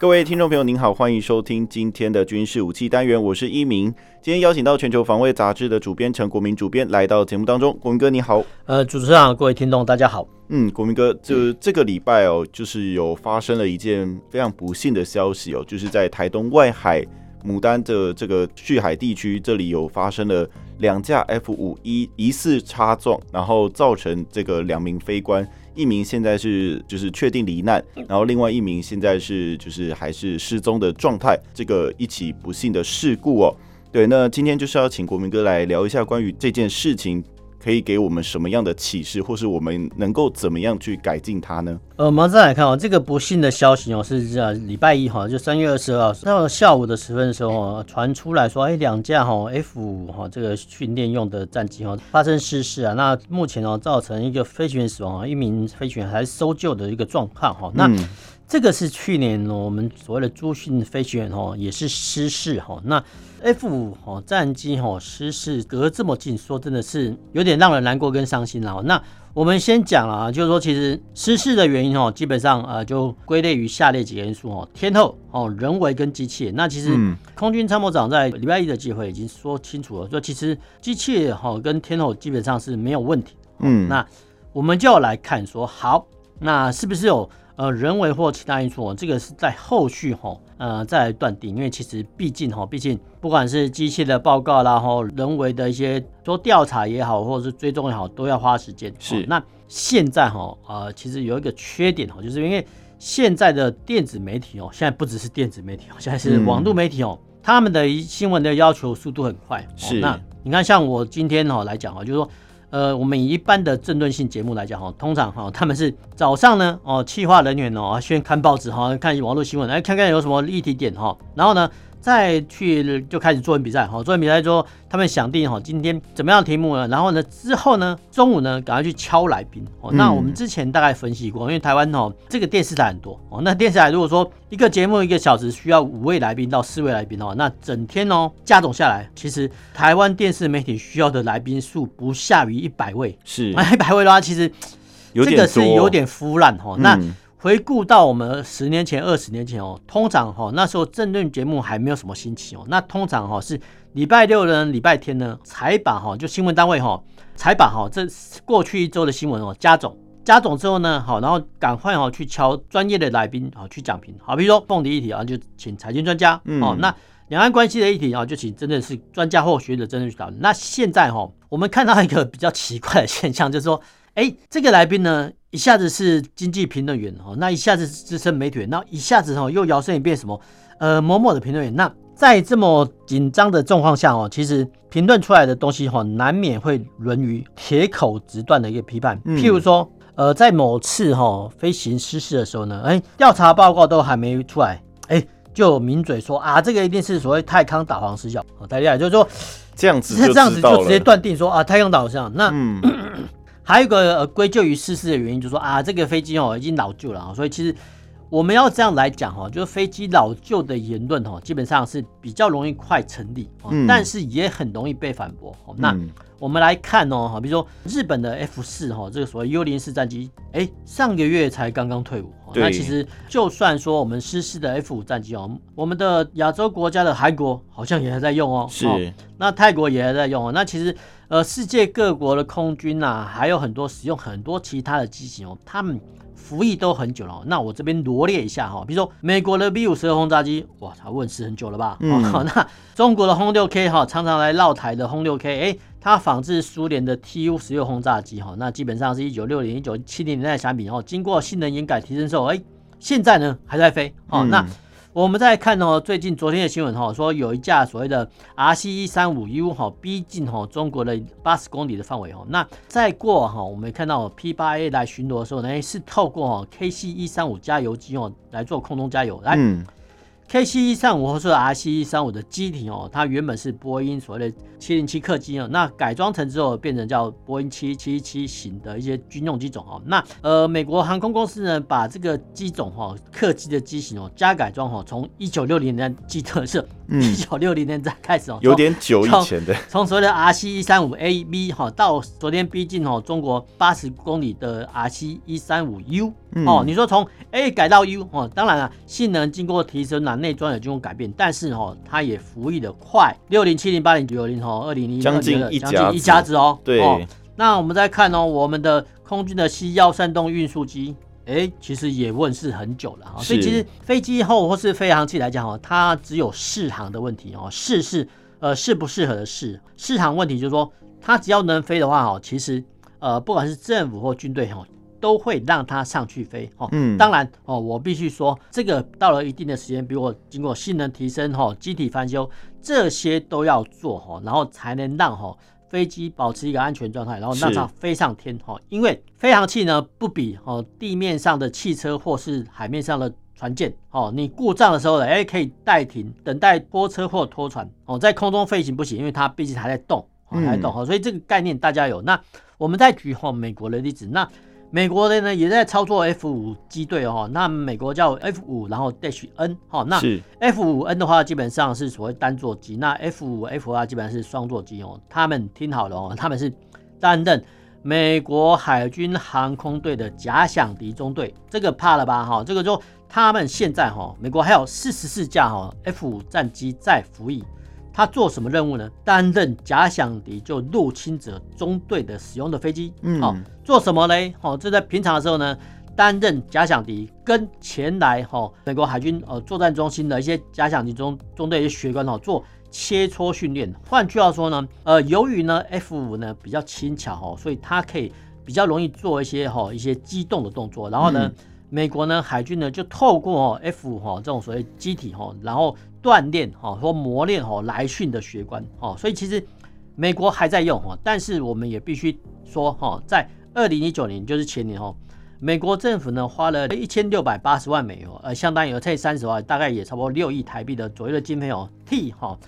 各位聽眾朋友，您好，歡迎收聽今天的軍事武器單元，我是一鳴。今天邀請到《全球防衛雜誌》的主編陳國銘主編來到節目當中。國銘哥，你好。呃，主持人，各位聽眾，大家好。嗯，國銘哥，嗯、就這個禮拜哦，就是有發生了一件非常不幸的消息哦，就是在台東外海牡丹的這個旭海地區，這裡有發生了兩架 F-5E 疑似擦撞，然後造成這個兩名飛官。一名現在是就是確定罹難，然後另外一名現在是就是還是失蹤的狀態。這個一起不幸的事故哦，對，那今天就是要請國銘哥來聊一下關於這件事情。可以給我們什麼樣的啟示，或是我們能夠怎麼樣去改進它呢？呃，我們再來看哦、喔，這個不幸的消息哦、喔，是啊，禮拜一哈、喔，就三月二十二號到了下午的時分的時候、喔，傳出來說，哎、欸，兩架哈 F 五哈這個訓練用的戰機哈、喔、發生失事啊。那目前哦、喔，造成一個飛行員死亡、喔，一名飛行員還搜救的一個狀況哈。那、嗯這個是去年我們所謂的駐訓飛行員哦，也是失事哈。那 F 五哈戰機哈失事隔這麼近，說真的是有點讓人難過跟傷心了。那我們先講了，就是說其實失事的原因哦，基本上啊，就歸類於下列幾個因素哦：天候、哦人為跟機器。那其實空軍參謀長在禮拜一的記者會已經說清楚了，說其實機器哈跟天候基本上是沒有問題。嗯，那我們就要來看說，好，那是不是有？呃，人為或其他因素，這個是在後續哈，呃再來斷定，因為其實畢竟哈，畢竟不管是機器的報告啦哈，人為的一些做調查也好，或者是追蹤也好，都要花時間。是、哦，那現在哈，呃，其實有一個缺點哈，就是因為現在的電子媒體哦，現在不只是電子媒體哦，現在是網絡媒體哦、嗯，他們的新聞的要求速度很快。是，哦、那你看像我今天哦來講哦，就是說。呃，我們以一般的政論性節目來講哈，通常哈他們是早上呢哦，企劃人員哦先看報紙哈，看網絡新聞，來看看有什麼立體點哈，然後呢。再去就開始作文比賽，做作文比賽之後他們想定今天怎麼樣的題目呢？然後呢，之後呢，中午呢，趕快去敲來賓哦、嗯。那我們之前大概分析過，因為台灣哦，這個電視台很多哦。那電視台如果說一個節目一個小時需要五位來賓到四位來賓的話，那整天哦、喔、加總下來，其實台灣電視媒體需要的來賓數不下於一百位。是，一百位的話，其實這個是有點浮濫哈。那、嗯回顧到我們十年前、二十年前哦，通常哈、哦、那時候政論節目還沒有什麼新奇哦，那通常哈、哦、是禮拜六呢、禮拜天呢採板哈，就新聞單位哈採板哈，這過去一周的新聞哦加總加總之後呢，好、哦、然後趕快哈、哦、去敲專業的來賓啊、哦、去講評，好比如說鳳梨議題啊、哦、就請財經專家、嗯、哦，那兩岸關係的議題啊、哦、就請真的是專家或學者真正去講。那現在哈、哦、我們看到一個比較奇怪的現象，就是說哎、欸、這個來賓呢。一下子是經濟評論員哦，那一下子是資深媒體員，那一下子哦又搖身一變什麼呃某某的評論員。那在這麼緊張的狀況下哦，其實評論出來的東西哈，難免會淪於鐵口直斷的一個批判。嗯、譬如說呃，在某次哈飛行失事的時候呢，哎、欸，調查報告都還沒出來，欸、就名嘴說啊，這個一定是所謂泰康導航失效好，大家就是說這樣子，這樣子就直接斷定說啊，泰康導航。那嗯。還有一個歸咎於失事的原因，就是說啊，這個飛機哦已經老舊了啊，所以其實我們要這樣來講哈，就是飛機老舊的言論哈，基本上是比較容易快成立，嗯，但是也很容易被反駁，那我們來看哦哈，比如說日本的 F 四哈，這個所謂幽靈式戰機，欸，上個月才剛剛退伍。對。那其實就算說我們失事的 F 五戰機哦，我們的亞洲國家的韓國好像也還在用哦。是。哦，那泰國也還在用哦，那其實。呃，世界各國的空軍吶、啊，還有很多使用很多其他的機型哦，他們服役都很久了、哦、那我這邊羅列一下哈、哦，比如說美國的 B 五十二轟炸機，哇，它問世很久了吧？嗯哦、那中國的轟六 K 哈，常常來繞臺的轟六 K，哎，它仿制蘇聯的 Tu 十六轟炸機哈、哦，那基本上是一九六零一九七零年代產品哦，經過性能演改提升後，哎，現在呢還在飛哦。嗯、那我們再看哦，最近昨天的新聞哈、哦，說有一架所謂的 RC 一三五 U 哈，逼近哈、哦、中國的八十公里的範圍哈、哦。那再過哈，我們看到 P 八 A 來巡邏的時候，呢，是透過 KC 一三五加油機哦來做空中加油來。嗯 KC-135 或是 RC-135 的機體哦，它原本是波音所謂的707客機哦，那改裝成之後變成叫波音777型的一些軍用機種哦。那呃，美國航空公司呢，把這個機種哈、哦，客機的機型哦，加改裝哈、哦，從1960年代機特色。嗯，一九六零年代開始哦，有點久以前的。從所謂的 RC 一三五 A、B 哈，到昨天逼近哦，中國八十公里的 RC 一三五 U 哦，你說從 A 改到 U 哦，當然了、啊，性能經過提升啊，內裝也經過改變，但是哦，它也服役的快，六零、哦、七零、八零、九零哈，二零零。將近一家子。將近一家子哦。對哦。那我們再看哦，我們的空軍的 C 幺三洞運輸機。哎，其實也問世很久了啊，所以其實飛機後或是飛行器來講哦，它只有試航的問題哦，試試呃適不適合的試試，試航問題，就是說它只要能飛的話哦，其實、呃、不管是政府或軍隊哦，都會讓它上去飛哦、嗯。當然哦，我必須說這個到了一定的時間，比如我經過性能提升哈，機體翻修這些都要做哈，然後才能讓哈。飛機保持一個安全狀態，然後讓它飛上天哈。因為飛行器呢不比哦地面上的汽車或是海面上的船艦哦，你故障的時候呢，哎可以待停，等待拖車或拖船哦。在空中飛行不行，因為它畢竟還在動，還在動哈、嗯。所以這個概念大家有。那我們再舉哈美國的例子，那。美國的呢也在操作 F 五機隊哦，那美國叫 F 五，然後 Dash N 哈，那 F 五 N 的話基本上是所謂單座機，那 F 五 f 話基本上是雙座機哦。他們聽好了哦，他們是擔任美國海軍航空隊的假想敵中隊，這個怕了吧哈、哦？這個就他們現在哈、哦，美國還有四十四架哈 F 五戰機在服役。他做什麼任務呢？擔任假想敵就入侵者中隊的使用的飛機，嗯、哦、做什麼呢？好、哦，這在平常的時候呢，擔任假想敵跟前來哈、哦、美國海軍呃作戰中心的一些假想敵中中隊一些學官哈、哦、做切磋訓練。換句話說呢，呃，由於呢 F 五呢比較輕巧哦，所以它可以比較容易做一些哈、哦、一些機動的動作，然後呢。嗯美國呢，海軍呢就透過 F 五哈，這種所謂機體哈，然後鍛鍊哈，說磨練哈來訓的學官哈，所以其實美國還在用哈，但是我們也必須說哈，在二零一九年就是前年哈，美國政府呢花了一千六百八十萬美元，呃，相當於才三十萬，大概也差不多六億台幣的左右的經費哦，替哈，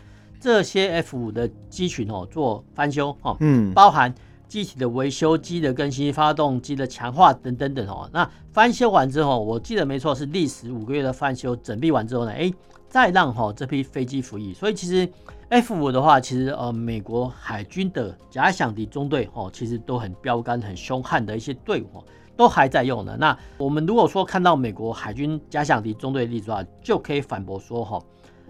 這些 F 五的機群哦做翻修哦，嗯，包含。機體的維修、機的更新、發動機的強化等等等哦，那翻修完之後，我記得沒錯是歷時五個月的翻修整備完之後呢，哎、欸，再讓哈這批飛機服役。所以其實 F 五的話，其實呃美國海軍的假想敵中隊哦，其實都很標桿、很凶悍的一些隊伍都還在用的。那我們如果說看到美國海軍假想敵中隊的例子的話，就可以反駁說哈，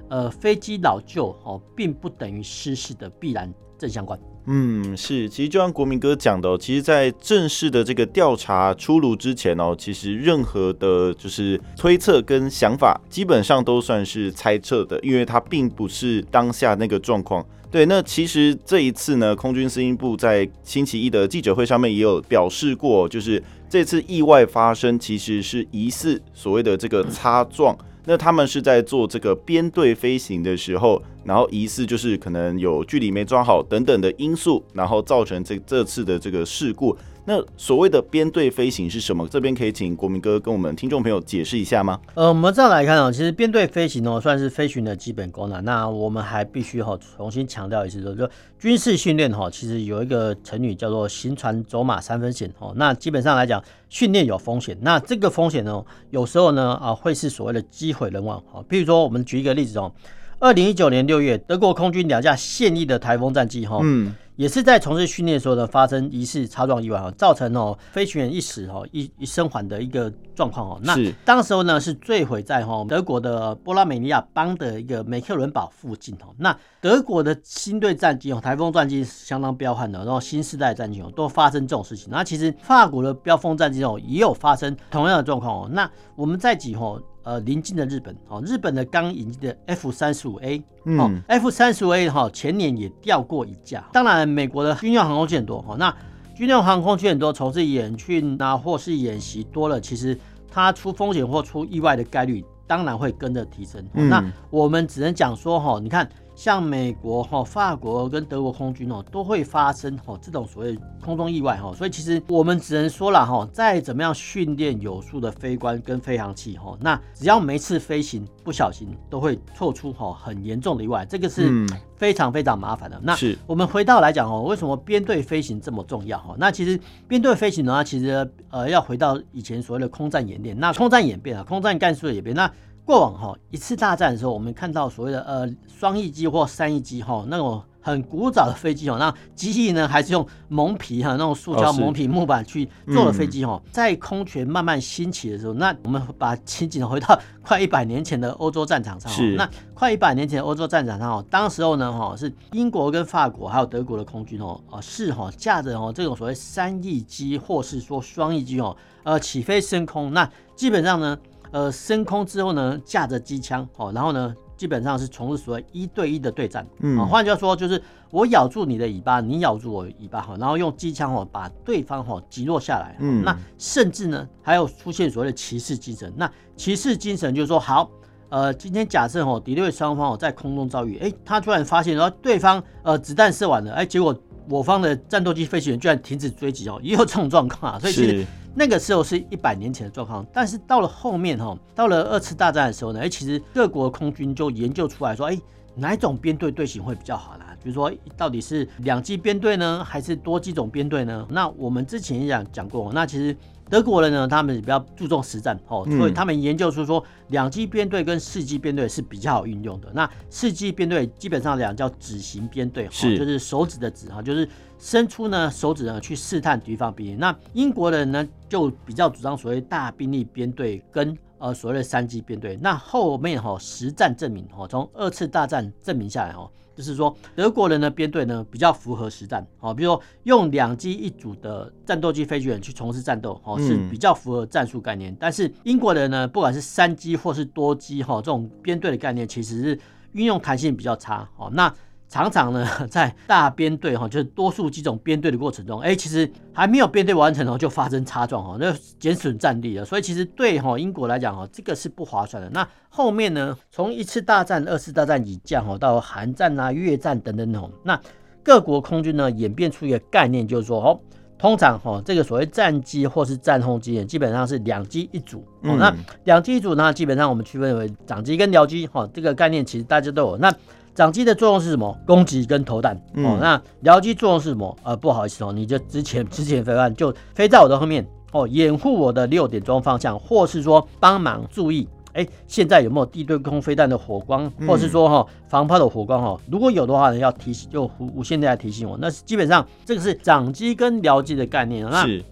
呃，飛機老舊哦，並不等於失事的必然正相關。嗯，是，其實就像國銘哥講的哦，其實，在正式的這個調查出爐之前哦，其實任何的，就是推測跟想法，基本上都算是猜測的，因為它並不是當下那個狀況。對，那其實這一次呢，空軍司令部在星期一的記者會上面也有表示過，就是這次意外發生，其實是疑似所謂的這個擦撞。那他們是在做這個編隊飛行的時候，然後疑似就是可能有距離沒抓好等等的因素，然後造成這這次的這個事故。那所謂的編隊飛行是什麼？這邊可以請國銘哥跟我們聽眾朋友解釋一下嗎？呃，我們這樣來看啊，其實編隊飛行哦，算是飛行的基本功了。那我們還必須哈重新強調一次，說軍事訓練哈，其實有一個成語叫做“行船走馬三分險”哦。那基本上來講，訓練有風險。那這個風險呢，有時候呢啊，會是所謂的機毀人亡啊。比如說，我們舉一個例子哦，二零一九年六月，德國空軍兩架現役的台風戰機哈。嗯也是在從事訓練的時候呢，發生一次擦撞意外，造成哦、喔、飛行員一死哦、喔、一一生還的一個狀況哦。那當時候呢是墜毀在哈、喔、德國的波拉美尼亞邦的一個梅克倫堡附近哦、喔。那德國的新隊戰機哦、喔，颱風戰機相當彪悍的、喔，然後新世代戰機哦、喔、都發生這種事情。那其實法國的飆風戰機哦、喔、也有發生同樣的狀況哦。那我們在講哦、喔。呃，臨近的日本，哦，日本的剛引進的 F 三十五 A，哦 F 三十五 A 哈，前年也掉過一架。當然，美國的軍用航空器很多，哈、哦，那軍用航空器很多，從事演訓啊，或是演習多了，其實它出風險或出意外的概率，當然會跟着提升、嗯哦。那我們只能講說，哈、哦，你看。像美國、哈法國跟德國空軍哦，都會發生哈這種所謂空中意外哈，所以其實我們只能說了哈，再怎麼樣訓練有素的飛官跟飛行器哈，那只要每次飛行不小心都會錯出哈很嚴重的意外，這個是非常非常麻煩的、嗯。那我們回到來講哦，為什麼編隊飛行這麼重要哈？那其實編隊飛行的話，其實呃要回到以前所謂的空戰演練，那空戰演變啊，空戰戰術也變那。過往哈一次大戰的時候，我們看到所謂的呃雙翼機或三翼機哈那種很古早的飛機哦，那機翼呢還是用蒙皮哈那種塑膠蒙皮木板去做的飛機哦，嗯、在空權慢慢興起的時候，那我們把情景回到快一百年前的歐洲戰場上，那快一百年前的歐洲戰場上哦，當時候呢哈是英國跟法國還有德國的空軍哦哦是哈駕着哦這種所謂三翼機或是說雙翼機哦呃起飛升空，那基本上呢。呃，升空之後呢，架着機槍，哦，然後呢，基本上是從事所謂一對一的對戰，嗯，換句話說就是我咬住你的尾巴，你咬住我的尾巴，好，然後用機槍哦把對方哦擊落下來，嗯，那甚至呢還有出現所謂的騎士精神，那騎士精神就是說好，呃，今天假設哦，敵對雙方哦在空中遭遇，誒，他突然發現，然後對方呃子彈射完了，誒，結果我方的戰鬥機飛行員居然停止追擊哦，也有這種狀況，啊。所以其實。那個時候是一百年前的狀況，但是到了後面哈，到了二次大戰的時候呢，哎，其實各國空軍就研究出來說，哎、欸，哪一種編隊隊形會比較好啦。比如說，到底是兩機編隊呢，還是多機種編隊呢？那我們之前也講講過，那其實德國人呢，他們比較注重實戰哦、嗯，所以他們研究出說兩機編隊跟四機編隊是比較好運用的。那四機編隊基本上講叫指形編隊，就是手指的指哈，就是伸出呢手指呢去試探敵方兵力。那英國人呢就比較主張所謂大兵力編隊跟呃所謂的三機編隊。那後面哈實戰證明哦，從二次大戰證明下來就是說，德國人的編隊呢比較符合實戰，好，比如說用兩機一組的戰鬥機飛行員去從事戰鬥，好是比較符合戰術概念，嗯。但是英國人呢，不管是三機或是多機，哈，這種編隊的概念其實是運用彈性比較差，好，那。常常呢，在大編隊哈，就是多數機種編隊的過程中，哎、欸，其實還沒有編隊完成哦，就發生擦撞哈，那減損戰力了。所以其實對哈英國來講哈，這個是不划算的。那後面呢，從一次大戰、二次大戰以降哈，到韓戰啊、越戰等等種，那各國空軍呢演變出一個概念，就是說，哦，通常哈這個所謂戰機或是戰轟機呢基本上是兩機一組。嗯、那兩機一組呢，基本上我們區分為長機跟僚機。哈，這個概念其實大家都有。那長機的作用是什麼？攻擊跟投彈、嗯。哦，那僚機作用是什麼？呃，不好意思哦，你就之前之前飛彈就飛在我的後面哦，掩護我的六點鐘方向，或是說幫忙注意，哎、欸，現在有沒有地對空飛彈的火光，或是說哈、哦、防炮的火光、哦？哈，如果有的話呢，要提醒，就無線電來提醒我。那基本上這個是長機跟僚機的概念。是。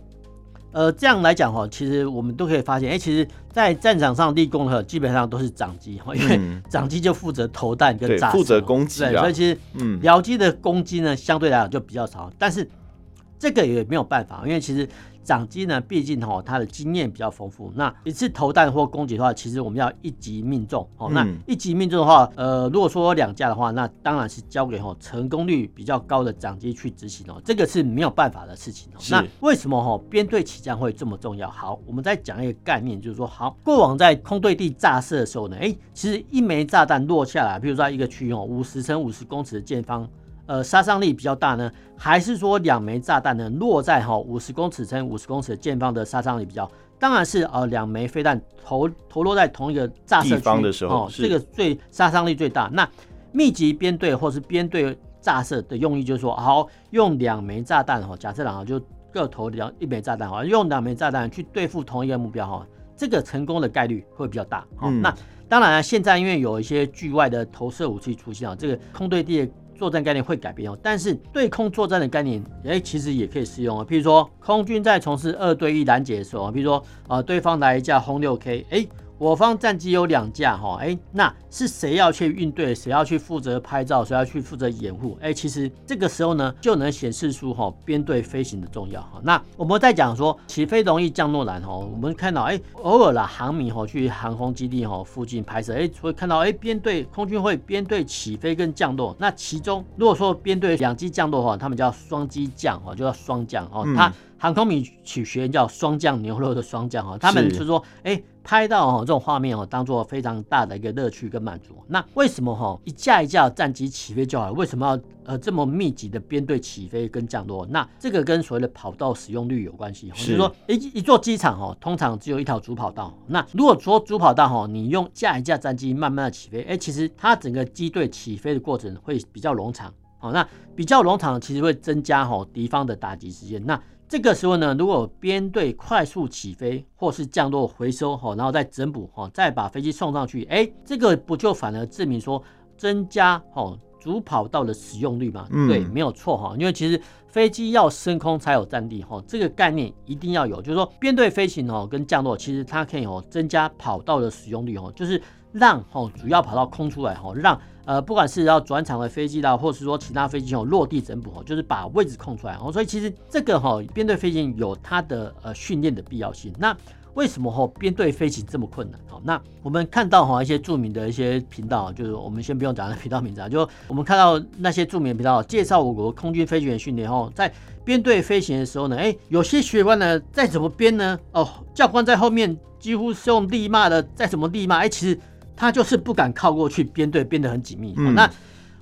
呃，這樣來講哈，其實我們都可以發現，哎、欸，其實，在戰場上立功的基本上都是長機、嗯、因為長機就負責投彈跟炸，負責攻擊、啊，對，所以其實嗯，僚機的攻擊呢、嗯，相對來講就比較少，但是這個也沒有辦法，因為其實。長機呢，畢竟吼、哦，它的經驗比較豐富。那一次投彈或攻擊的話，其實我們要一擊命中哦。那一擊命中的話，嗯、呃，如果說兩架的話，那當然是交給吼、哦、成功率比較高的長機去執行哦。這個是沒有辦法的事情、哦、那為什麼吼編隊起降會這麼重要？好，我們再講一個概念，就是說，好，過往在空對地炸射的時候呢，哎、欸，其實一枚炸彈落下來，比如說一個區域哦，五十乘五十公尺的見方。呃，殺傷力比較大呢，還是說兩枚炸彈呢落在哈五十公尺乘五十公尺的見方的殺傷力比較？當然是呃兩枚飛彈投投落在同一個炸射區的時候，哦、這個最殺傷力最大。那密集編隊或是編隊炸射的用意就是說，好，用兩枚炸彈哈、哦，假設然後就各投兩一枚炸彈哈、哦，用兩枚炸彈去對付同一個目標哈、哦，這個成功的概率會比較大。好、嗯哦，那當然現在因為有一些距外的投射武器出現啊、哦，這個空對地。作戰概念會改變哦，但是對空作戰的概念，哎、欸，其實也可以適用啊、哦。譬如說，空軍在從事二對一攔截的時候啊，譬如說，呃，對方來一架轟六 K，哎。我方戰機有兩架哈，哎、欸，那是誰要去應對？誰要去負責拍照？誰要去負責掩護？哎、欸，其實這個時候呢，就能顯示出哈編隊飛行的重要哈。那我們在講說起飛容易降落難哈，我們看到哎、欸、偶爾啦航迷哈去航空基地哈附近拍攝，哎、欸、會看到哎編隊空軍會編隊起飛跟降落。那其中如果說編隊兩機降落的話，他們叫雙機降哈，就叫雙降哈。它航空迷取學叫“霜降牛肉”的霜降哈，他們就是說：“哎、欸，拍到哦這種畫面哦，當做非常大的一個樂趣跟滿足。”那為什麼哈一架一架戰機起飛就好了？為什麼要呃這麼密集的編隊起飛跟降落？那這個跟所謂的跑道使用率有關係。就是說一是一座機場哦，通常只有一條主跑道。那如果說主跑道哈，你用一架一架戰機慢慢的起飛，哎、欸，其實它整個機隊起飛的過程會比較冗長。好，那比較冗長其實會增加哈敵方的打擊時間。那這個時候呢，如果編隊快速起飛或是降落回收，然後再整補，再把飛機送上去，哎，這個不就反而證明說增加。主跑道的使用率嘛，嗯、對，沒有錯哈。因為其實飛機要升空才有占地哈，這個概念一定要有。就是說編隊飛行哦，跟降落其實它可以哦增加跑道的使用率哦，就是讓哦主要跑道空出來哦，讓呃不管是要轉場的飛機啦，或是說其他飛機哦落地整補哦，就是把位置空出來哦。所以其實這個哈編隊飛行有它的呃訓練的必要性。那為什麼哈編隊飛行這麼困難？好，那我們看到哈一些著名的一些頻道，就是我們先不用講那頻道名字啊，就我們看到那些著名的頻道介紹我國空軍飛行員訓練哦，在編隊飛行的時候呢，哎，有些學員呢再怎麼編呢？哦，教官在後面幾乎是用力罵的，再怎麼力罵？哎，其實他就是不敢靠過去，編隊編得很緊密。那、嗯。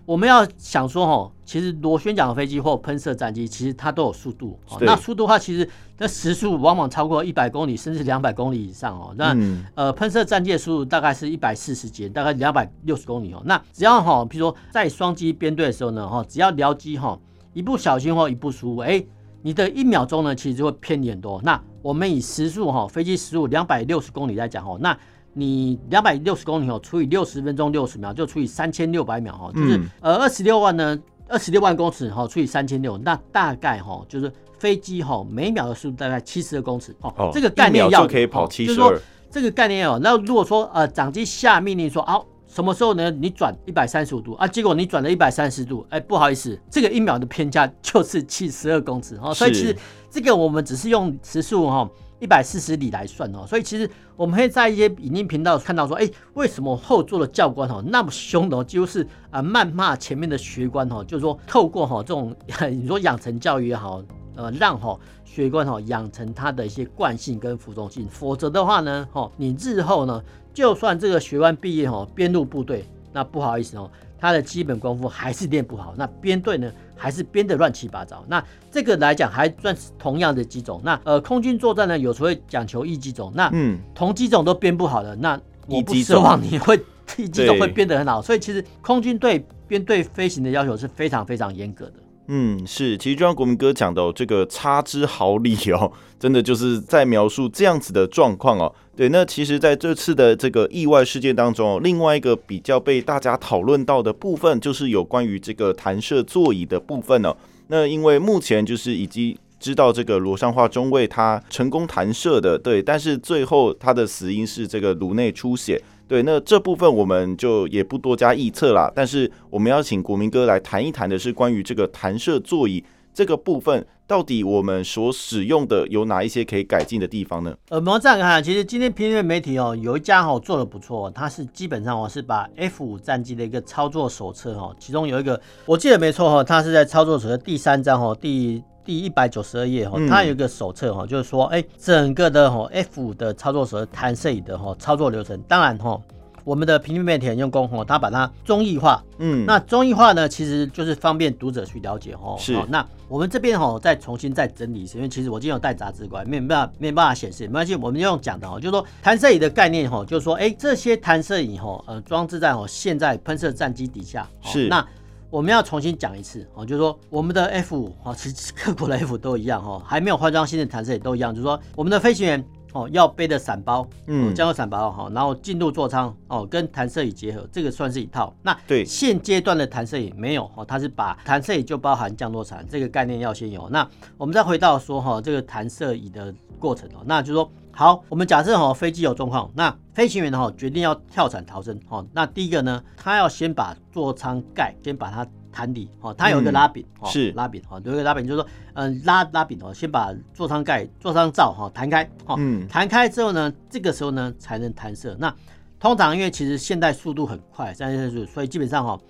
我們要想說哈、哦，其實螺旋槳的飛機或噴射戰機，其實它都有速度、哦。對。那速度的話其實那時速往往超過一百公里，甚至兩百公里以上哦。那呃，噴射戰機的速度大概是一百四十節，大概兩百六十公里哦。那只要哈、哦，比如說在雙機編隊的時候呢，哈，只要僚機哈、哦，一不小心或一不舒服，哎，你的一秒鐘呢，其實就會偏離很多。那我們以時速哈、哦，飛機時速兩百六十公里來講哦，那你兩百六十公里哦，除以六十分鐘六十秒，就除以三千六百秒哈、哦，就是、嗯、呃二十六萬呢，二十六萬公尺哈、哦，除以三千六，那大概哈、哦、就是飛機哈、哦、每秒的速度大概七十二公尺哦，哦，這個概念要，就可以跑七十二、嗯就是說這個概念要、哦。那如果說呃，長機下命令說，好、啊，什麼時候呢？你轉一百三十五度啊，結果你轉了一百三十度，哎、欸，不好意思，這個一秒的偏差就是七十二公尺哦，所以其實這個我們只是用時速哈、哦。一百四十裡來算哦，所以其實我們會在一些影音頻道看到說，哎，為什麼後座的教官哦，那麼凶的，幾乎是啊謾罵前面的學官，哦，就是說透過哈這種你說養成教育也好，呃，讓哈學官哈養成他的一些慣性跟服從性，否則的話呢，哈你日後呢就算這個學官畢業哈編入部隊，那不好意思哦。他的基本功夫還是練不好，那編隊呢還是編的亂七八糟。那這個來講，還算是同樣的機種。那呃，空軍作戰呢，有時候會講求一機種，那同機種都編不好的，那你不奢望你會一機種，一機種會編得很好。所以其實空軍對編隊飛行的要求是非常非常嚴格的。嗯，是，其實就像國民哥講的，哦，這個差之毫厘哦，真的就是在描述這樣子的狀況哦。對，那其實在這次的這個意外事件當中哦，另外一個比較被大家討論到的部分，就是有關於這個彈射座椅的部分哦。那因為目前就是已經知道這個羅尚樺中尉他成功彈射的，對，但是最後他的死因是這個顱內出血。對，那這部分我們就也不多加臆測啦。但是我們要請國銘哥來談一談的是關於這個彈射座椅這個部分，到底我們所使用的有哪一些可以改進的地方呢？呃，我們這樣看，其實今天平面媒體哦，有一家哈、哦、做得不錯、哦，它是基本上哦是把 F 五戰機的一個操作手冊哈、哦，其中有一個我記得沒錯哈、哦，它是在操作手冊第三章哦第。第一百九十二頁哈，它有一個手冊哈、嗯，就是說，哎、欸，整個的哈 F 五的操作時彈射椅的哈操作流程。當然哈，我們的平面媒體用功哈，它把它綜藝化。嗯，那綜藝化呢，其實就是方便讀者去了解哈。是、哦。那我們這邊哈，再重新再整理一次，因為其實我今天有帶雜誌過來，沒辦法，沒辦法顯示。沒關係，我們用講的哈，就是說彈射椅的概念哈，就是說，哎、就是欸，這些彈射椅哈，呃，裝置在哦現在噴射戰機底下。是。哦、那我們要重新講一次哦，就是說我們的 F 五哦，其實各國的 F 五都一樣哈，還沒有換裝新的彈射椅都一樣，就是說我們的飛行員哦要背的傘包，嗯，降落傘包哈，然後進入座艙哦，跟彈射椅結合，這個算是一套。那對，現階段的彈射椅沒有哦，它是把彈射椅就包含降落傘這個概念要先有。那我們再回到說哈，這個彈射椅的過程哦，那就是說。好，我們假設哈、哦、飛機有狀況，那飛行員呢、哦、哈決定要跳傘逃生哈、哦。那第一個呢，他要先把座艙蓋先把它彈離哈。它、哦、有一個拉柄、嗯哦、是拉柄哈，有一個拉柄，就是說嗯拉拉柄哦，先把座艙蓋座艙罩哈彈開哈。彈、哦嗯、開之後呢，這個時候呢才能彈射。那通常因為其實現代速度很快，現在的速度，所以基本上哈、哦。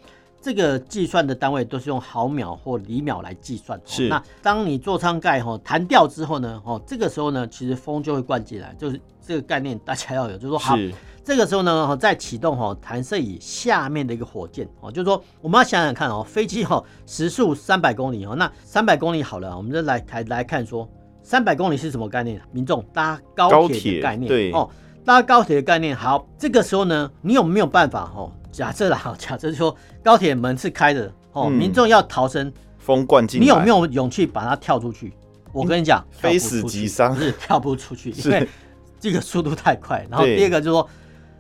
這個計算的單位都是用毫秒或厘秒來計算。是。那當你座艙蓋吼、哦、彈掉之後呢，吼、哦、這個時候呢，其實風就會灌進來，就是這個概念大家要有，就是說，是，好。這個時候呢，哦、再啟動吼、哦、彈射椅下面的一個火箭，哦，就是說我們要想想看哦，飛機哈、哦、時速三百公里哦，那三百公里好了，我們就來來來看說三百公里是什麼概念？民眾搭高鐵的概念，對。哦，搭高鐵的概念。好，這個時候呢，你有沒有辦法吼、哦？假設啦，假設說高鐵門是開的哦、嗯，民眾要逃生，風灌進來，你有沒有勇氣把它跳出去？嗯、我跟你講，非死即傷，是跳不出去，因為這個速度太快。然後第二個就是說，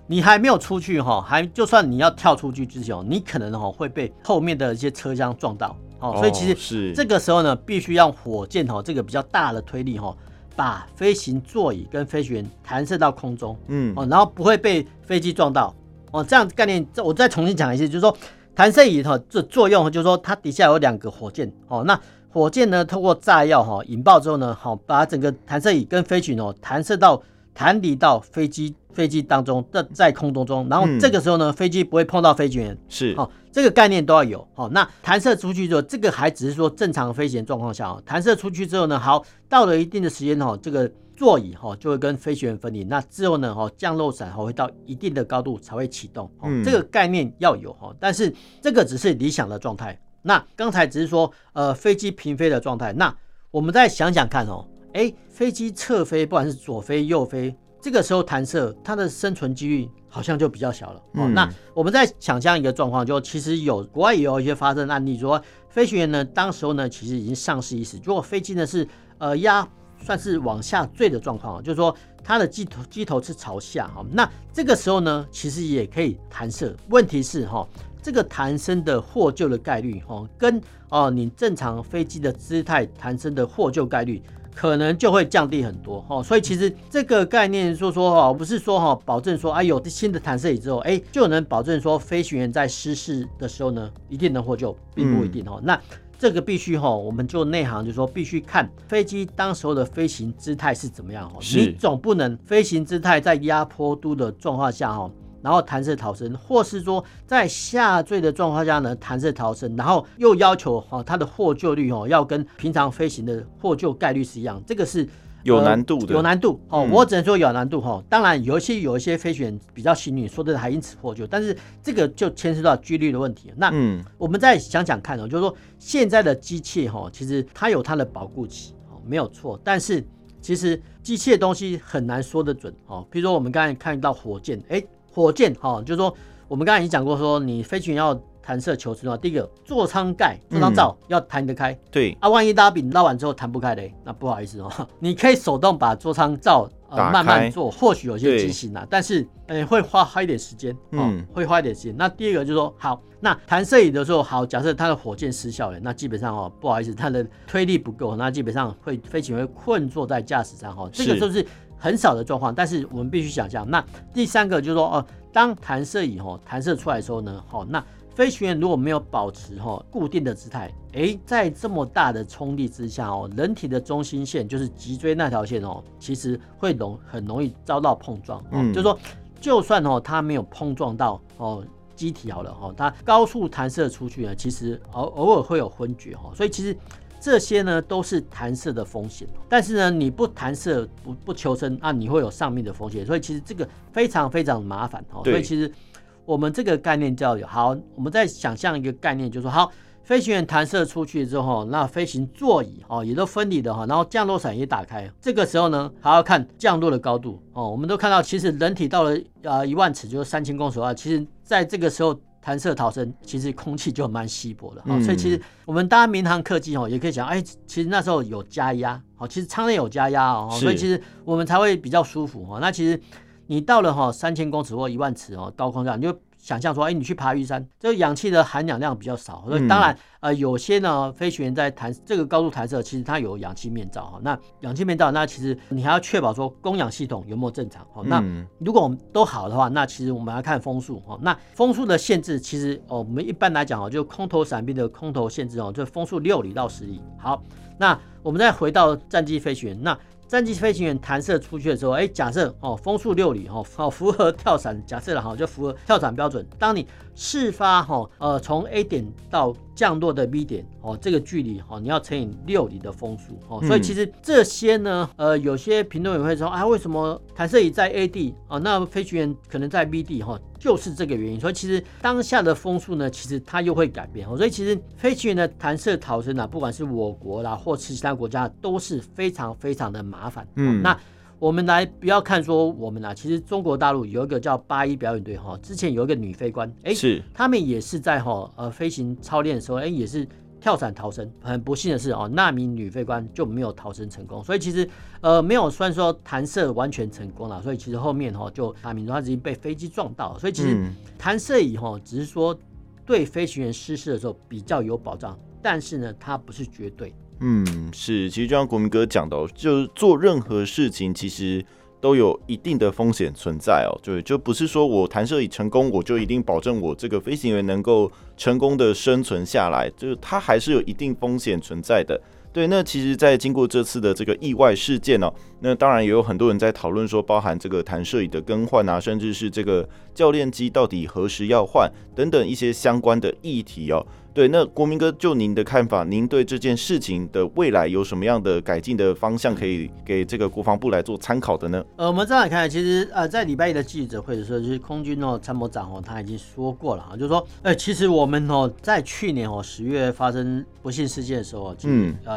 你還沒有出去哈，還就算你要跳出去之前，你可能哈會被後面的一些車廂撞到哦。所以其實這個時候呢，必須讓火箭哈這個比較大的推力哈，把飛行座椅跟飛行員彈射到空中，嗯哦，然後不會被飛機撞到。哦，這樣概念，我再重新講一次，就是說，彈射椅哈、哦，這作用就是說，它底下有兩個火箭，哦，那火箭呢，透過炸藥哈、哦、引爆之後呢，好、哦，把整個彈射椅跟飛行員哦彈射到彈離到飛機飛機當中，在在空中中，然後這個時候呢，嗯、飛機不會碰到飛行員，是，哦，這個概念都要有，哦，那彈射出去之後，這個還只是說正常飛行狀況下，哦，彈射出去之後呢，好，到了一定的時間哈、哦，這個。座椅哈就會跟飛行員分離，那之後呢哈降落傘還會到一定的高度才會啟動，嗯，這個概念要有哈，但是這個只是理想的狀態。那剛才只是說呃飛機平飛的狀態，那我們再想想看哦，哎飛機側飛，不管是左飛右飛，這個時候彈射它的生存幾率好像就比較小了。嗯，哦，那我們再想象一個狀況，就其實有國外也有一些發生案例說，說飛行員呢當時候呢其實已經喪失意識，如果飛機呢是呃壓。算是往下墜的狀況，就是說它的機頭機頭是朝下哈，那這個時候呢，其實也可以彈射，問題是哈，這個彈升的獲救的概率哈，跟哦、呃、你正常飛機的姿態彈升的獲救概率，可能就會降低很多哦，所以其實這個概念說說哈，不是說哈，保證說哎、啊，有新的彈射椅之後，哎、欸、就能保證說飛行員在失事的時候呢，一定能獲救，並不一定、嗯、那。這個必須哈、哦，我們就內行就是說必須看飛機當時候的飛行姿態是怎麼樣哦，你總不能飛行姿態在壓坡度的狀況下哈、哦，然後彈射逃生，或是說在下墜的狀況下呢，彈射逃生，然後又要求哈、哦，它的獲救率哦，要跟平常飛行的獲救概率是一樣，這個是。呃、有難度的，有難度。哦。嗯、我只能說有難度哈、哦。當然有，有一些有一些飛行員比較幸運，說的還因此獲救。但是這個就牽涉到幾率的問題。那我們再想想看哦，嗯、就是說現在的機器哈、哦，其實它有它的保固期，哦，沒有錯。但是其實機器的東西很難說得準哦。比如說我們剛才看到火箭，哎、欸，火箭哈、哦，就是說我們剛才已經講過，說你飛行員要。彈射求生哦，第一個座艙蓋、座艙罩、嗯、要彈得開，對啊，萬一拉柄拉完之後彈不開的，那不好意思哦、喔，你可以手動把座艙罩、呃、打開、慢慢做或許有些機型啊，但是呃會花花一點時間，嗯、欸，會花一點時間、嗯喔。那第二個就是說，好，那彈射椅的時候，好，假設它的火箭失效了，那基本上哦、喔，不好意思，它的推力不夠，那基本上會飛行員會困坐在駕駛艙哈，這個就是很少的狀況。但是我們必須想象，那第三個就是說，哦、喔，當彈射椅哦、喔、彈射出來的時候呢，好、喔，那。飛行員如果沒有保持哈固定的姿態，欸，在這麼大的衝力之下哦，人體的中心線就是脊椎那條線哦，其實會容很容易遭到碰撞。嗯，就是說就算哦，它沒有碰撞到哦機體好了哈，它高速彈射出去呢，其實偶偶爾會有昏厥哈。所以其實這些呢都是彈射的風險。但是呢，你不彈射不不求生啊，你會有喪命的風險。所以其實這個非常非常麻煩。所以其實。我們這個概念教育好，我們再想象一個概念，就是、說好，飛行員彈射出去之後，那飛行座椅哦也都分離的哈，然後降落傘也打開，這個時候呢還要看降落的高度哦。我們都看到，其實人體到了呃一萬尺就是三千公尺啊，其實在這個時候彈射逃生，其實空氣就蠻稀薄的。啊、哦。所以其實我們搭民航客機哦，也可以想，哎，其實那時候有加壓，好、哦，其實艙內有加壓哦，所以其實我們才會比較舒服哦。那其實。你到了哈三千公尺或一萬尺哦，高空上，你就想象說，哎、欸，你去爬玉山，這氧氣的含氧量比較少，所以當然呃有些呢飛行員在彈這個高度彈射，其實它有氧氣面罩哈。那氧氣面罩，那其實你還要確保說供氧系統有沒有正常。好，那如果我們都好的話，那其實我們要看風速哦。那風速的限制，其實哦我們一般來講哦，就空投傘兵的空投限制哦，就風速六里到十里。好，那我們再回到戰機飛行員那。戰機飛行員彈射出去的時候，哎、欸，假設哦，風速六里哦，好、哦，符合跳傘假設了哈，就符合跳傘標準。當你事發哈、哦，呃，從 A 點到。降落的 B 點哦，這個距離，哦，你要乘以六里的風速哦，所以其實這些呢，呃，有些評論員會說啊，為什麼彈射椅在 A 地啊，那飛行員可能在 B 地哈，就是這個原因。所以其實當下的風速呢，其實它又會改變哦，所以其實飛行員的彈射逃生啊，不管是我國啦，或是其他國家，都是非常非常的麻煩、哦。嗯，那。我們來不要看說我們啊，其實中國大陸有一個叫八一表演隊哈、哦，之前有一個女飛官哎，是他們也是在哈、哦、呃飛行操練的時候哎，也是跳傘逃生，很不幸的是哦，那名女飛官就沒有逃生成功，所以其實呃沒有算說彈射完全成功了，所以其實後面哈、哦、就那名他已經被飛機撞到，所以其實彈射以後只是說對飛行員失事的時候比較有保障，但是呢，它不是絕對。嗯，是，其實就像國民哥講的、哦，就是做任何事情，其實都有一定的風險存在哦。對，就不是說我彈射已成功，我就一定保證我這個飛行員能夠成功的生存下來，就是它還是有一定風險存在的。對，那其實，在經過這次的這個意外事件呢、哦。那當然也有很多人在討論說，包含這個彈射椅的更換啊，甚至是這個教練機到底何時要換等等一些相關的議題哦。對，那國銘哥就您的看法，您對這件事情的未來有什麼樣的改進的方向可以給這個國防部來做參考的呢？呃，我們再來看，其實呃，在禮拜一的記者會的時候，就是空軍的參謀哦參謀長哦，他已經說過了啊，就是說，呃、欸，其實我們哦在去年哦十月發生不幸事件的時候，嗯呃，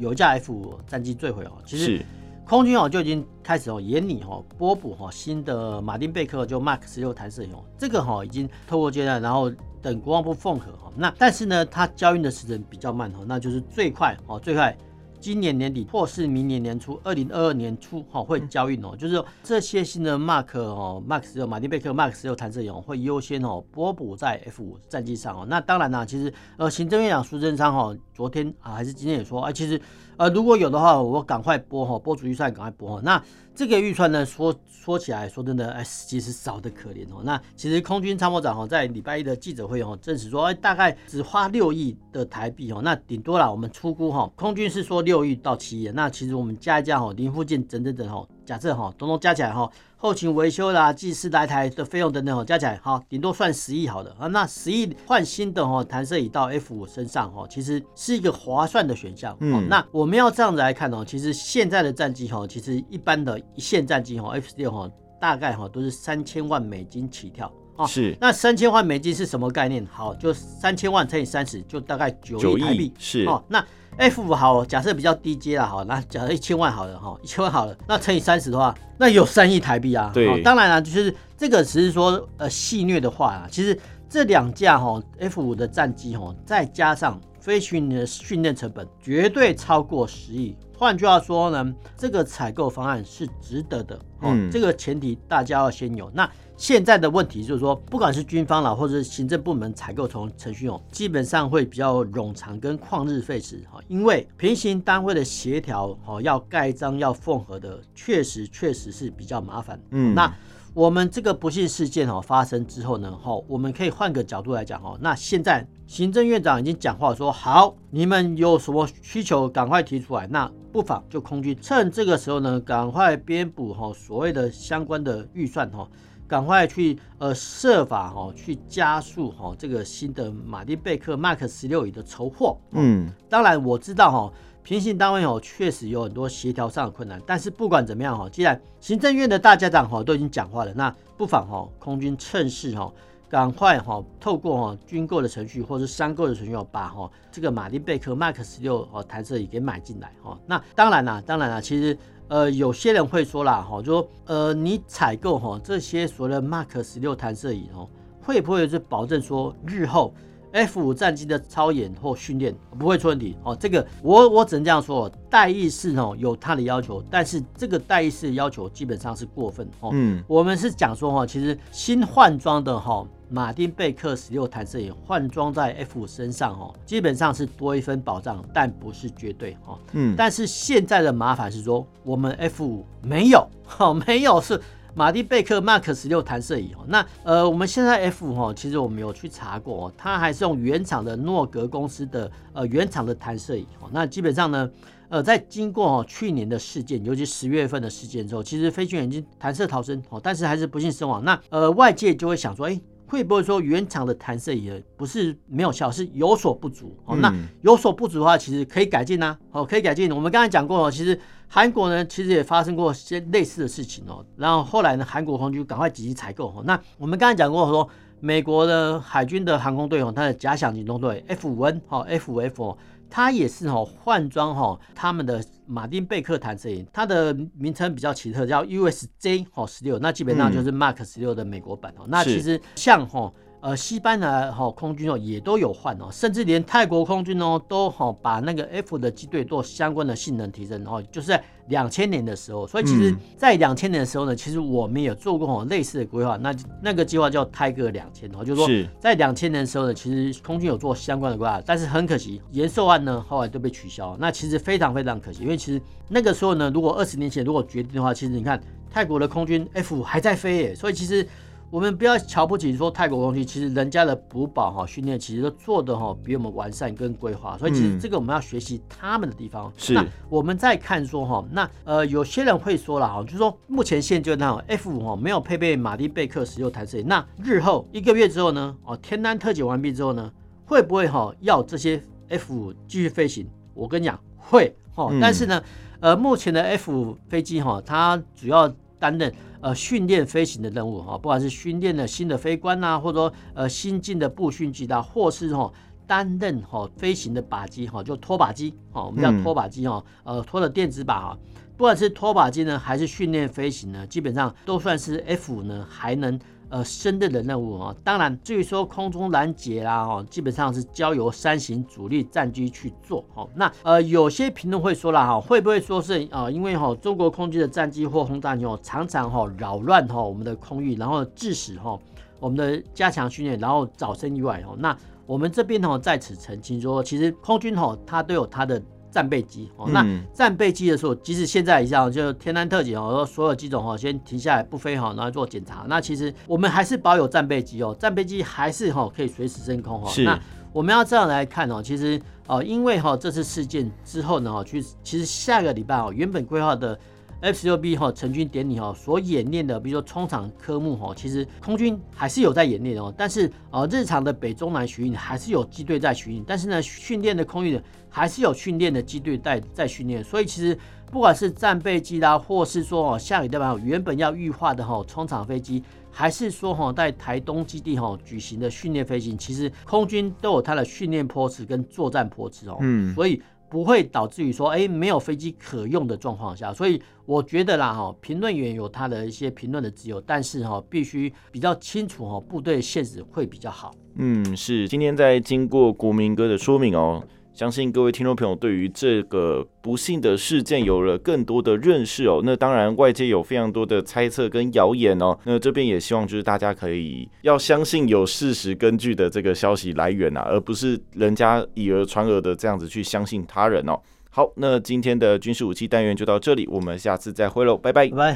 有架 F 五戰機墜毀哦，其實。空軍哦就已經開始哦研擬哈波補哈新的馬丁貝克就 Mark 十六彈射型，這個哈已經透過階段，然後等國防部縫合哈那，但是呢它交運的時程比較慢哈，那就是最快哦最快今年年底或是明年年初二零二二年初哈會交運哦，就是這些新的 Mark 哦 Mark 十六馬丁貝克 Mark 十六彈射用，會優先哦波補在 F 五戰機上哦，那當然啦、啊，其實呃行政院長蘇貞昌哈。昨天啊，還是今天也說啊、欸，其實，呃，如果有的話，我趕快撥哈，撥出預算趕快撥哈。那這個預算呢，說說起來，說真的，哎、欸，其實少得可憐哦。那其實空軍參謀長哦，在禮拜一的記者會哦，證實說，哎、欸，大概只花六億的台幣哦。那頂多啦，我們初估哈，空軍是說六億到七億。那其實我們加一加哦，零附近整整整哦。假設哈、哦，統統加起來哈、哦，後勤維修啦、技師來台的費用等等哈、哦，加起來哈、哦，頂多算十億好了啊。那十億換新的哈、哦，彈射椅到 F 五身上哈、哦，其實是一個划算的選項。嗯、哦，那我們要這樣子來看哦，其實現在的戰機哈、哦，其實一般的一線戰機哈，F 十六哈，大概哈、哦，都是三千萬美金起跳。哦，是。那三千萬美金是什麼概念？好，就三千萬乘以三十，就大概九億台幣。是。哦，那 F 五好，假設比較低階啦，好，那假設一千萬好了，哈，一千萬好了，那乘以三十的話，那有三億台幣啊。對。哦、當然啦、啊，就是這個只是說呃戲謔的話啊，其實這兩架哈 F 五的戰機哈、哦，再加上飛行的訓練成本，絕對超過十億。換句話說呢，這個採購方案是值得的。哦、嗯，這個前提大家要先有。那。現在的問題就是說，不管是軍方啦或者是行政部門採購，從程序上、喔、基本上會比較冗長跟曠日費時哈、喔。因為平行單位的協調、喔、要蓋章要縫合的，確實確實是比較麻煩。嗯，那我們這個不幸事件哈、喔、發生之後呢，哈，我們可以換個角度來講哈。那現在行政院長已經講話說，好，你們有什麼需求，趕快提出來。那不妨就空軍趁這個時候呢，趕快編補哈所謂的相關的預算哈、喔。趕快去，呃，設法哈、哦，去加速哈、哦、這個新的馬丁貝克 Mark 十六乙的籌獲、哦。嗯，當然我知道哈、哦，平行單位哦確實有很多協調上的困難，但是不管怎麼樣哈、哦，既然行政院的大家長哈、哦、都已經講話了，那不妨哈、哦、空軍趁勢哈、哦，趕快哈、哦、透過哈軍購的程序或者商購的程序把哈、哦、這個馬丁貝克 Mark 十六哦彈射椅給買進來哈、哦。那當然啦，當然啦，其實。呃，有些人會說啦，哈、就是，就說呃，你採購哈這些所謂的 Mark 十六彈射椅哦，會不會是保證說日後 F 五戰機的操演或訓練不會出問題？哦，這個我我只能這樣說，代議士哦有他的要求，但是這個代議士要求基本上是過分哦。嗯，我們是講說哈，其實新換裝的哈。哦馬丁貝克十六彈射椅換裝在 F 五身上哦，基本上是多一分保障，但不是絕對哦。嗯，但是現在的麻煩是說，我們 F 五沒有，哈、哦，沒有是馬丁貝克 Mark 十六彈射椅哦。那呃，我們現在 F 五、哦、其實我們有去查過、哦，它還是用原廠的諾格公司的呃原廠的彈射椅哦。那基本上呢，呃，在經過、哦、去年的事件，尤其十月份的事件之後，其實飛行員已經彈射逃生哦，但是還是不幸身亡。那呃，外界就會想說，誒、欸。會不會說原廠的彈射也不是沒有效，是有所不足哦、嗯？那有所不足的話，其實可以改進呢。哦，可以改進。我們剛才講過，其實韓國呢，其實也發生過些類似的事情哦。然後後來呢，韓國空軍趕快積極採購。那我們剛才講過說，說美國的海軍的航空隊哦，它的假想敵中隊 F 五 N 哦，F 五 F。它也是哈換裝哈，他們的馬丁貝克彈射椅，它的名稱比較奇特，叫 USJ 哈十六，那基本上就是 Mark 十六的美國版哦、嗯。那其實像哈、哦。呃，西班牙、哦、空軍哦也都有換哦，甚至連泰國空軍呢都哦都好把那個 F 的機隊做相關的性能提升，哦。就是在兩千年的時候。所以其實在兩千年的時候呢、嗯，其實我們也做過、哦、類似的規劃，那那個計劃叫 “Tiger 2000”，哦，就是說在兩千年的時候呢，其實空軍有做相關的規劃，但是很可惜延壽案呢後來都被取消。那其實非常非常可惜，因為其實那個時候呢，如果二十年前如果決定的話，其實你看泰國的空軍 F 還在飛耶，所以其實。我們不要瞧不起說泰國空軍，其實人家的補保哈訓練其實都做的哈、哦、比我們完善跟規劃，所以其實這個我們要學習他們的地方、嗯。是，那我們再看說哈、哦，那呃有些人會說了哈，就是、說目前現就那 F 五哈沒有配備馬丁貝克十六彈射，那日後一個月之後呢，哦天丹特檢完畢之後呢，會不會哈、哦、要這些 F 五繼續飛行？我跟你講會哈、哦嗯，但是呢，呃目前的 F 五飛機哈、哦、它主要。擔任呃訓練飛行的任務啊，不管是訓練的新的飛官吶、啊，或者說呃新進的部訓機的，或是吼、哦、擔任吼、哦、飛行的靶機哈、哦，就拖靶機哦，我們叫拖靶機哦，嗯、呃拖的電子靶啊，不管是拖靶機呢，還是訓練飛行呢，基本上都算是 F-5 呢還能。呃，深的任務啊，當然，至於說空中攔截啦，哈，基本上是交由三型主力戰機去做。好，那呃，有些評論會說了，哈，會不會說是啊、呃，因為哈中國空軍的戰機或轟炸機哦，常常哈擾亂哈我們的空域，然後致使哈我們的加強訓練，然後肇生意外。哦，那我們這邊呢，在此澄清說，其實空軍吼它都有它的。戰備機哦，那戰備機的時候，即使現在一下就天安特警，哦，說所有機種哦，先停下來不飛哈，然後做檢查。那其實我們還是保有戰備機哦，戰備機還是哈可以隨時升空哈。是。那我們要這樣來看哦，其實哦，因為哈這次事件之後呢，哈去其實下個禮拜哦，原本規劃的。F 幺 B 哈成軍典禮哈所演練的，比如說衝場科目哈，其實空軍還是有在演練的哦。但是呃，日常的北中南巡演，還是有機隊在巡演但是呢，訓練的空域還是有訓練的機隊在在訓練。所以其實不管是戰備機啦，或是說哦下雨代表原本要預化的哈衝場飛機，還是說哈在台東基地哈舉行的訓練飛行，其實空軍都有它的訓練坡次跟作戰坡次哦。嗯，所以。不會導致於說，哎，沒有飛機可用的狀況下，所以我覺得啦，哈，評論員有他的一些評論的自由，但是哈、哦，必須比較清楚哈、哦，部隊現實會比較好。嗯，是，今天在經過國銘哥的說明哦。相信各位聽眾朋友對於這個不幸的事件有了更多的認識哦。那當然，外界有非常多的猜測跟謠言哦。那這邊也希望就是大家可以要相信有事實根據的這個消息來源啊，而不是人家以訛傳訛的這樣子去相信他人哦。好，那今天的軍事武器單元就到這裡，我們下次再會嘍，拜拜拜，拜。